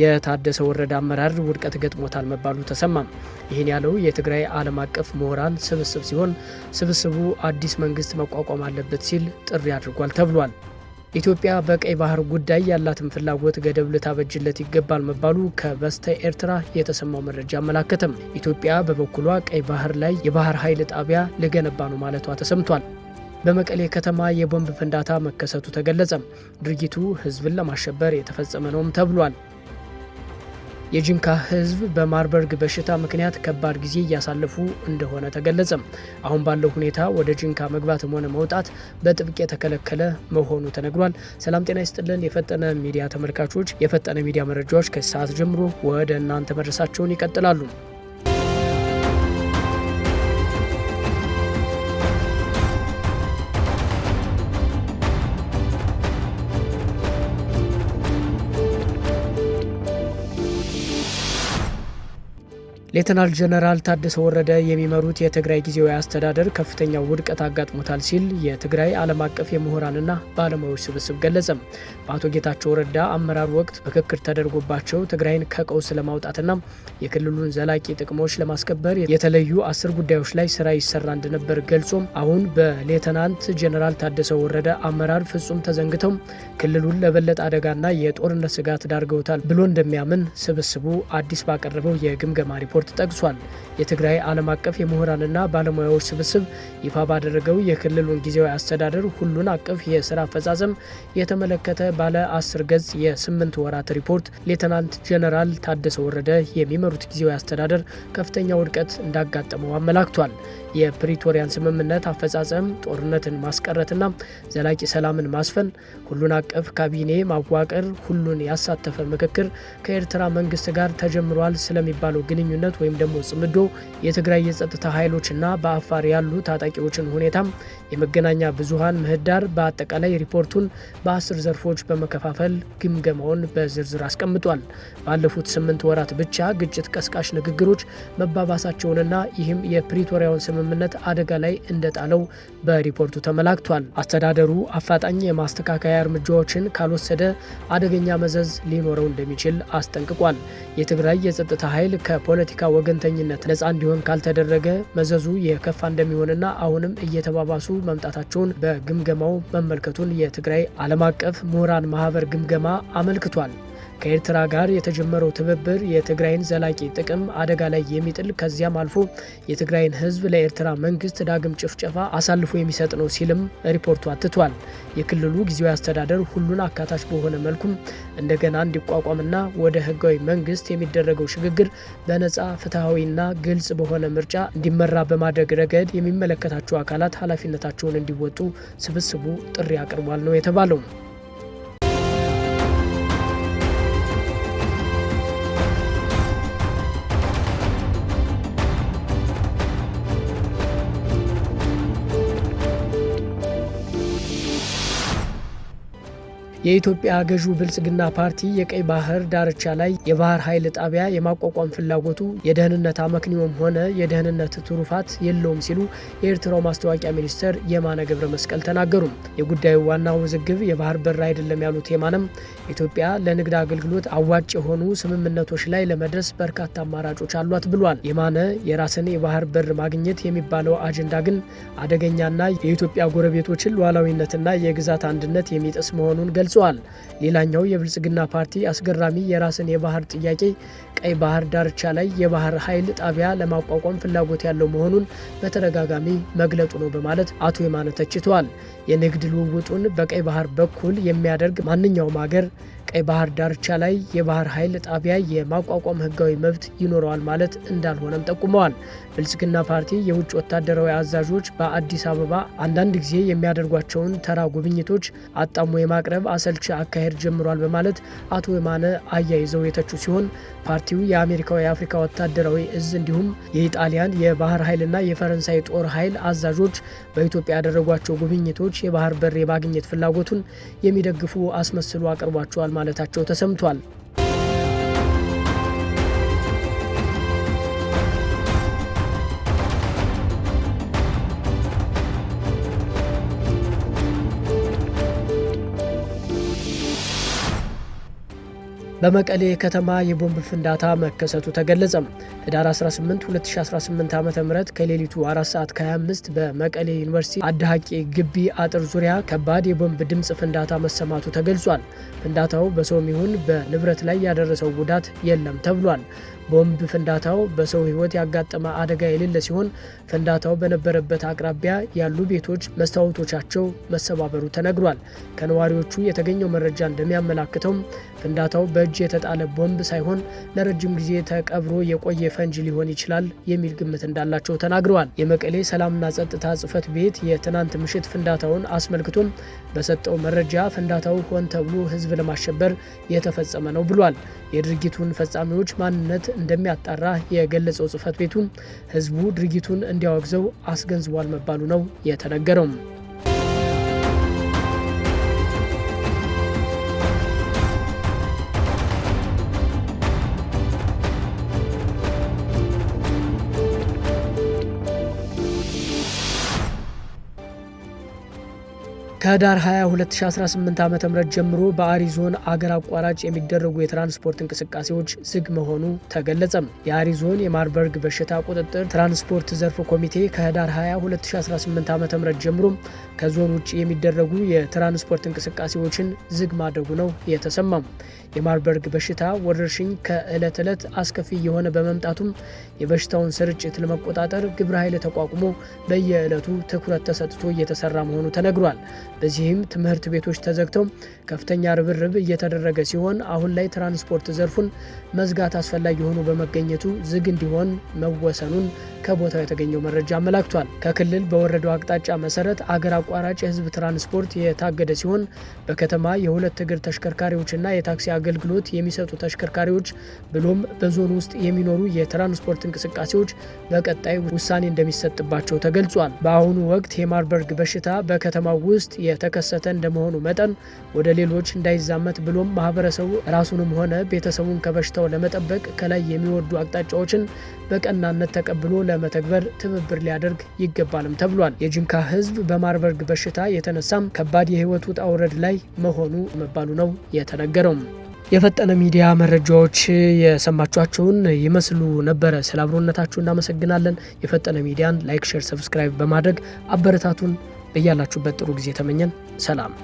የታደሰ ወረደ አመራር ውድቀት ገጥሞታል መባሉ ተሰማም። ይህን ያለው የትግራይ ዓለም አቀፍ ምሁራን ስብስብ ሲሆን ስብስቡ አዲስ መንግስት መቋቋም አለበት ሲል ጥሪ አድርጓል ተብሏል። ኢትዮጵያ በቀይ ባህር ጉዳይ ያላትን ፍላጎት ገደብ ልታበጅለት ይገባል መባሉ ከበስተ ኤርትራ የተሰማው መረጃ አመላከተም። ኢትዮጵያ በበኩሏ ቀይ ባህር ላይ የባህር ኃይል ጣቢያ ልገነባ ነው ማለቷ ተሰምቷል። በመቀሌ ከተማ የቦምብ ፍንዳታ መከሰቱ ተገለጸም። ድርጊቱ ህዝብን ለማሸበር የተፈጸመ ነውም ተብሏል። የጂንካ ህዝብ በማርበርግ በሽታ ምክንያት ከባድ ጊዜ እያሳለፉ እንደሆነ ተገለጸም። አሁን ባለው ሁኔታ ወደ ጂንካ መግባትም ሆነ መውጣት በጥብቅ የተከለከለ መሆኑ ተነግሯል። ሰላም ጤና ይስጥልን የፈጠነ ሚዲያ ተመልካቾች፣ የፈጠነ ሚዲያ መረጃዎች ከሰዓት ጀምሮ ወደ እናንተ መድረሳቸውን ይቀጥላሉ። ሌተናል ጀነራል ታደሰ ወረደ የሚመሩት የትግራይ ጊዜያዊ አስተዳደር ከፍተኛ ውድቀት አጋጥሞታል ሲል የትግራይ ዓለም አቀፍ የምሁራንና ባለሙያዎች ስብስብ ገለጸም። በአቶ ጌታቸው ረዳ አመራር ወቅት ምክክር ተደርጎባቸው ትግራይን ከቀውስ ለማውጣትና የክልሉን ዘላቂ ጥቅሞች ለማስከበር የተለዩ አስር ጉዳዮች ላይ ስራ ይሰራ እንደነበር ገልጾም አሁን በሌተናንት ጀነራል ታደሰ ወረደ አመራር ፍጹም ተዘንግተው ክልሉን ለበለጠ አደጋና የጦርነት ስጋት ዳርገውታል ብሎ እንደሚያምን ስብስቡ አዲስ ባቀረበው የግምገማ ሪፖርት እንደሚገመት ጠቅሷል። የትግራይ ዓለም አቀፍ የምሁራንና ባለሙያዎች ስብስብ ይፋ ባደረገው የክልሉን ጊዜያዊ አስተዳደር ሁሉን አቀፍ የስራ አፈጻጸም የተመለከተ ባለ አስር ገጽ የስምንት ወራት ሪፖርት ሌተናንት ጀነራል ታደሰ ወረደ የሚመሩት ጊዜያዊ አስተዳደር ከፍተኛ ውድቀት እንዳጋጠመው አመላክቷል። የፕሪቶሪያን ስምምነት አፈጻጸም፣ ጦርነትን ማስቀረትና ዘላቂ ሰላምን ማስፈን፣ ሁሉን አቀፍ ካቢኔ ማዋቀር፣ ሁሉን ያሳተፈ ምክክር፣ ከኤርትራ መንግስት ጋር ተጀምሯል ስለሚባለው ግንኙነት ወይም ደግሞ ጽምዶ፣ የትግራይ የጸጥታ ኃይሎችና በአፋር ያሉ ታጣቂዎችን ሁኔታም፣ የመገናኛ ብዙሀን ምህዳር በአጠቃላይ ሪፖርቱን በአስር ዘርፎች በመከፋፈል ግምገማውን በዝርዝር አስቀምጧል። ባለፉት ስምንት ወራት ብቻ ግጭት ቀስቃሽ ንግግሮች መባባሳቸውንና ይህም የፕሪቶሪያውን ስምምነት ስምምነት አደጋ ላይ እንደጣለው በሪፖርቱ ተመላክቷል። አስተዳደሩ አፋጣኝ የማስተካከያ እርምጃዎችን ካልወሰደ አደገኛ መዘዝ ሊኖረው እንደሚችል አስጠንቅቋል። የትግራይ የጸጥታ ኃይል ከፖለቲካ ወገንተኝነት ነጻ እንዲሆን ካልተደረገ መዘዙ የከፋ እንደሚሆንና አሁንም እየተባባሱ መምጣታቸውን በግምገማው መመልከቱን የትግራይ ዓለም አቀፍ ምሁራን ማህበር ግምገማ አመልክቷል። ከኤርትራ ጋር የተጀመረው ትብብር የትግራይን ዘላቂ ጥቅም አደጋ ላይ የሚጥል ከዚያም አልፎ የትግራይን ህዝብ ለኤርትራ መንግስት ዳግም ጭፍጨፋ አሳልፎ የሚሰጥ ነው ሲልም ሪፖርቱ አትቷል። የክልሉ ጊዜያዊ አስተዳደር ሁሉን አካታች በሆነ መልኩም እንደገና እንዲቋቋምና ወደ ህጋዊ መንግስት የሚደረገው ሽግግር በነጻ ፍትሐዊና ግልጽ በሆነ ምርጫ እንዲመራ በማድረግ ረገድ የሚመለከታቸው አካላት ኃላፊነታቸውን እንዲወጡ ስብስቡ ጥሪ አቅርቧል ነው የተባለው። የኢትዮጵያ ገዢው ብልጽግና ፓርቲ የቀይ ባህር ዳርቻ ላይ የባህር ኃይል ጣቢያ የማቋቋም ፍላጎቱ የደህንነት አመክንዮም ሆነ የደህንነት ትሩፋት የለውም ሲሉ የኤርትራው ማስታወቂያ ሚኒስትር የማነ ገብረ መስቀል ተናገሩ። የጉዳዩ ዋና ውዝግብ የባህር በር አይደለም ያሉት የማነም ኢትዮጵያ ለንግድ አገልግሎት አዋጭ የሆኑ ስምምነቶች ላይ ለመድረስ በርካታ አማራጮች አሏት ብሏል። የማነ የራስን የባህር በር ማግኘት የሚባለው አጀንዳ ግን አደገኛና የኢትዮጵያ ጎረቤቶችን ሉዓላዊነትና የግዛት አንድነት የሚጥስ መሆኑን ገልጿል። ገልጿል። ሌላኛው የብልጽግና ፓርቲ አስገራሚ የራስን የባህር ጥያቄ ቀይ ባህር ዳርቻ ላይ የባህር ኃይል ጣቢያ ለማቋቋም ፍላጎት ያለው መሆኑን በተደጋጋሚ መግለጡ ነው በማለት አቶ የማነ ተችቷል። የንግድ ልውውጡን በቀይ ባህር በኩል የሚያደርግ ማንኛውም አገር። ቀይ ባህር ዳርቻ ላይ የባህር ኃይል ጣቢያ የማቋቋም ህጋዊ መብት ይኖረዋል ማለት እንዳልሆነም ጠቁመዋል። ብልጽግና ፓርቲ የውጭ ወታደራዊ አዛዦች በአዲስ አበባ አንዳንድ ጊዜ የሚያደርጓቸውን ተራ ጉብኝቶች አጣሞ የማቅረብ አሰልቺ አካሄድ ጀምሯል በማለት አቶ የማነ አያይዘው የተቹ ሲሆን ፓርቲው የአሜሪካው የአፍሪካ ወታደራዊ እዝ እንዲሁም የኢጣሊያን የባህር ኃይልና የፈረንሳይ ጦር ኃይል አዛዦች በኢትዮጵያ ያደረጓቸው ጉብኝቶች የባህር በር የማግኘት ፍላጎቱን የሚደግፉ አስመስሎ አቅርቧቸዋል ማለታቸው ተሰምቷል። በመቀሌ ከተማ የቦምብ ፍንዳታ መከሰቱ ተገለጸ። ህዳር 18 2018 ዓ ም ከሌሊቱ 4 ሰዓት ከ25 በመቀሌ ዩኒቨርሲቲ አዳሀቂ ግቢ አጥር ዙሪያ ከባድ የቦምብ ድምፅ ፍንዳታ መሰማቱ ተገልጿል። ፍንዳታው በሰውም ይሁን በንብረት ላይ ያደረሰው ጉዳት የለም ተብሏል። ቦምብ ፍንዳታው በሰው ህይወት ያጋጠመ አደጋ የሌለ ሲሆን ፍንዳታው በነበረበት አቅራቢያ ያሉ ቤቶች መስታወቶቻቸው መሰባበሩ ተነግሯል። ከነዋሪዎቹ የተገኘው መረጃ እንደሚያመላክተው ፍንዳታው በእጅ እጅ የተጣለ ቦምብ ሳይሆን ለረጅም ጊዜ ተቀብሮ የቆየ ፈንጅ ሊሆን ይችላል የሚል ግምት እንዳላቸው ተናግረዋል። የመቀሌ ሰላምና ጸጥታ ጽህፈት ቤት የትናንት ምሽት ፍንዳታውን አስመልክቶም በሰጠው መረጃ ፍንዳታው ሆን ተብሎ ሕዝብ ለማሸበር የተፈጸመ ነው ብሏል። የድርጊቱን ፈጻሚዎች ማንነት እንደሚያጣራ የገለጸው ጽህፈት ቤቱ ህዝቡ ድርጊቱን እንዲያወግዘው አስገንዝቧል መባሉ ነው የተነገረው። ከህዳር 20 2018 ዓ ም ጀምሮ በአሪዞን አገር አቋራጭ የሚደረጉ የትራንስፖርት እንቅስቃሴዎች ዝግ መሆኑ ተገለጸም። የአሪዞን የማርበርግ በሽታ ቁጥጥር ትራንስፖርት ዘርፍ ኮሚቴ ከህዳር 20 2018 ዓ ም ጀምሮ ከዞን ውጭ የሚደረጉ የትራንስፖርት እንቅስቃሴዎችን ዝግ ማድረጉ ነው የተሰማም። የማርበርግ በሽታ ወረርሽኝ ከዕለት ዕለት አስከፊ የሆነ በመምጣቱም የበሽታውን ስርጭት ለመቆጣጠር ግብረ ኃይል ተቋቁሞ በየዕለቱ ትኩረት ተሰጥቶ እየተሰራ መሆኑ ተነግሯል። በዚህም ትምህርት ቤቶች ተዘግተው ከፍተኛ ርብርብ እየተደረገ ሲሆን አሁን ላይ ትራንስፖርት ዘርፉን መዝጋት አስፈላጊ ሆኖ በመገኘቱ ዝግ እንዲሆን መወሰኑን ከቦታው የተገኘው መረጃ አመላክቷል። ከክልል በወረደው አቅጣጫ መሰረት አገር አቋራጭ የህዝብ ትራንስፖርት የታገደ ሲሆን በከተማ የሁለት እግር ተሽከርካሪዎችና የታክሲ አገልግሎት የሚሰጡ ተሽከርካሪዎች ብሎም በዞን ውስጥ የሚኖሩ የትራንስፖርት እንቅስቃሴዎች በቀጣይ ውሳኔ እንደሚሰጥባቸው ተገልጿል። በአሁኑ ወቅት የማርበርግ በሽታ በከተማው ውስጥ የተከሰተ እንደመሆኑ መጠን ወደ ሌሎች እንዳይዛመት ብሎም ማህበረሰቡ ራሱንም ሆነ ቤተሰቡን ከበሽታው ለመጠበቅ ከላይ የሚወርዱ አቅጣጫዎችን በቀናነት ተቀብሎ ለ ለመተግበር ትብብር ሊያደርግ ይገባልም ተብሏል። የጂንካ ህዝብ በማርበርግ በሽታ የተነሳም ከባድ የህይወት ውጣ ውረድ ላይ መሆኑ መባሉ ነው የተነገረውም። የፈጠነ ሚዲያ መረጃዎች የሰማችኋቸውን ይመስሉ ነበረ። ስለ አብሮነታችሁ እናመሰግናለን። የፈጠነ ሚዲያን ላይክ፣ ሼር፣ ሰብስክራይብ በማድረግ አበረታቱን። በያላችሁበት ጥሩ ጊዜ ተመኘን። ሰላም